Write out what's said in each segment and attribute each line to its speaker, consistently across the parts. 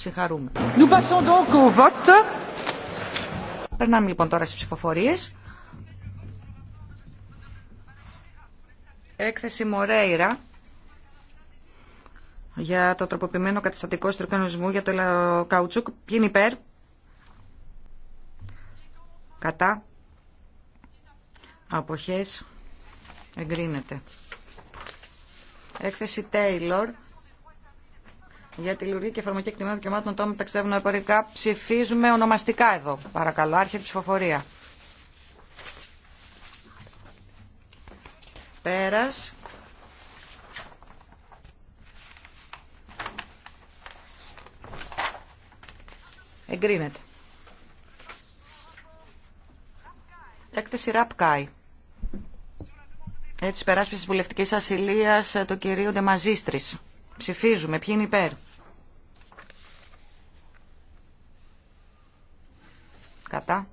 Speaker 1: συγχαρούμε. Περνάμε λοιπόν τώρα στι ψηφοφορίε. Έκθεση Μορέιρα για το τροποποιημένο καταστατικό στροκανονισμού για το καουτσούκ. Ποιοι είναι υπέρ. Κατά. Αποχές. Εγκρίνεται. Έκθεση Τέιλορ για τη λειτουργία και εφαρμογή εκτιμών δικαιωμάτων των ταξιδεύων αεροπορικά. Ψηφίζουμε ονομαστικά εδώ. Παρακαλώ, τη ψηφοφορία. Πέρας. Εγκρίνεται. Έκθεση ΡΑΠΚΑΙ. Έτσι, περάσπιση τη βουλευτική το ε, του κυρίου Ντεμαζίστρη. Ψηφίζουμε. Ποιοι είναι υπέρ. Κατά.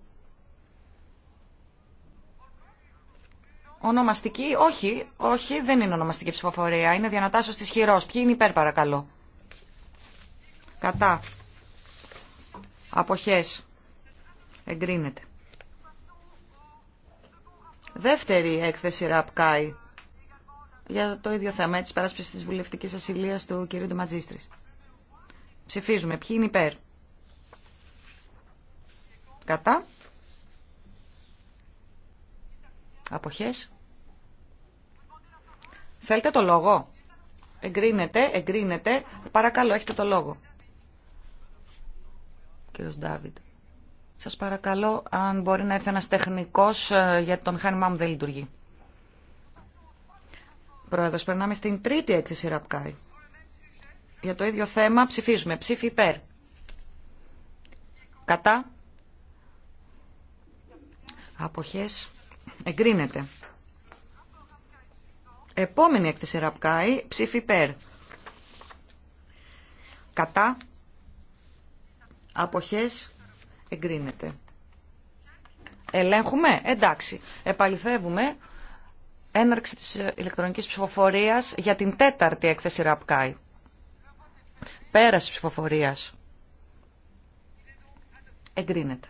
Speaker 1: Ονομαστική. Όχι. Όχι. Δεν είναι ονομαστική ψηφοφορία. Είναι διανατάσσος της χειρός. Ποιοι είναι υπέρ παρακαλώ. Κατά. Αποχές. Εγκρίνεται. Δεύτερη έκθεση Ράπκαϊ για το ίδιο θέμα έτσι, παράσπιση της βουλευτικής ασυλίας του κ. Ντεματζίστρης. Ψηφίζουμε. Ποιοι είναι υπέρ. Κατά. Αποχές. Θέλετε το λόγο. Εγκρίνετε, εγκρίνετε. Παρακαλώ, έχετε το λόγο. Κύριος Ντάβιντ. Σας παρακαλώ αν μπορεί να έρθει ένας τεχνικός ε, γιατί το μηχάνημά μου δεν λειτουργεί. Πρόεδρος, περνάμε στην τρίτη έκθεση Ραπκάη. Για το ίδιο θέμα ψηφίζουμε. Ψήφι υπέρ. Κατά. Αποχές. Εγκρίνεται. Επόμενη έκθεση Ραπκάη. Ψήφι υπέρ. Κατά. Αποχές. Εγκρίνεται. Ελέγχουμε. Εντάξει. Επαληθεύουμε έναρξη της ηλεκτρονικής ψηφοφορίας για την τέταρτη έκθεση ΡΑΠΚΑΙ. Πέραση ψηφοφορίας. Εγκρίνεται.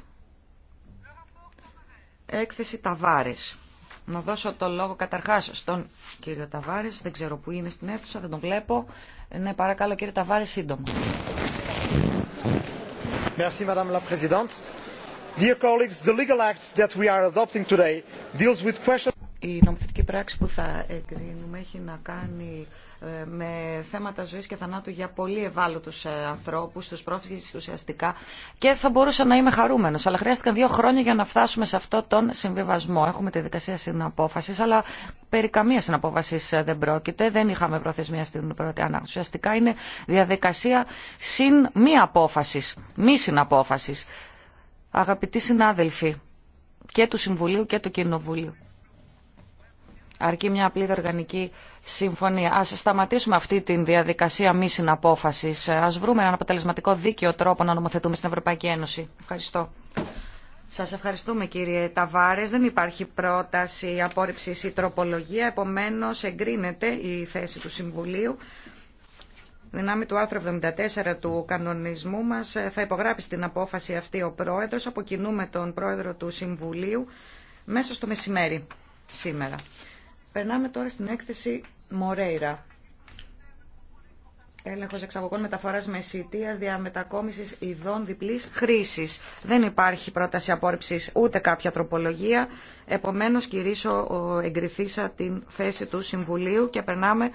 Speaker 1: Έκθεση Ταβάρης. Να δώσω το λόγο καταρχάς στον κύριο Ταβάρης. Δεν ξέρω που είναι στην αίθουσα, δεν τον βλέπω. Ε, ναι, παρακαλώ κύριε ταβάρης σύντομα. Merci, Madame la Présidente. Dear colleagues, the legal act that we are adopting today deals with questions... Η νομοθετική πράξη που θα εγκρίνουμε έχει να κάνει ε, με θέματα ζωή και θανάτου για πολύ ευάλωτου ε, ανθρώπου, του πρόσφυγε ουσιαστικά και θα μπορούσα να είμαι χαρούμενο, Αλλά χρειάστηκαν δύο χρόνια για να φτάσουμε σε αυτό τον συμβιβασμό. Έχουμε τη δικασία συναπόφαση, αλλά περί καμία συναπόφαση ε, δεν πρόκειται. Δεν είχαμε προθεσμία στην πρώτη ανάγκη. Ουσιαστικά είναι διαδικασία συν μη απόφαση, μη συναπόφασης. Αγαπητοί συνάδελφοι και του Συμβουλίου και του Κοινοβουλίου. Αρκεί μια απλή οργανική συμφωνία. Ας σταματήσουμε αυτή τη διαδικασία μη συναπόφασης. Ας βρούμε έναν αποτελεσματικό δίκαιο τρόπο να νομοθετούμε στην Ευρωπαϊκή Ένωση. Ευχαριστώ. Σας ευχαριστούμε κύριε Ταβάρες. Δεν υπάρχει πρόταση απόρριψης ή τροπολογία. Επομένως εγκρίνεται η θέση του Συμβουλίου. Δυνάμει του άρθρου 74 του κανονισμού μας ε, θα υπογράψει την απόφαση αυτή ο Πρόεδρος. Αποκινούμε τον Πρόεδρο του Συμβουλίου μέσα στο μεσημέρι σήμερα. Περνάμε τώρα στην έκθεση Μορέιρα. Έλεγχο εξαγωγών μεταφοράς μεσητείας διαμετακόμιση ειδών διπλής χρήσης. Δεν υπάρχει πρόταση απόρριψη ούτε κάποια τροπολογία. Επομένως κηρύσω εγκριθήσα την θέση του Συμβουλίου και περνάμε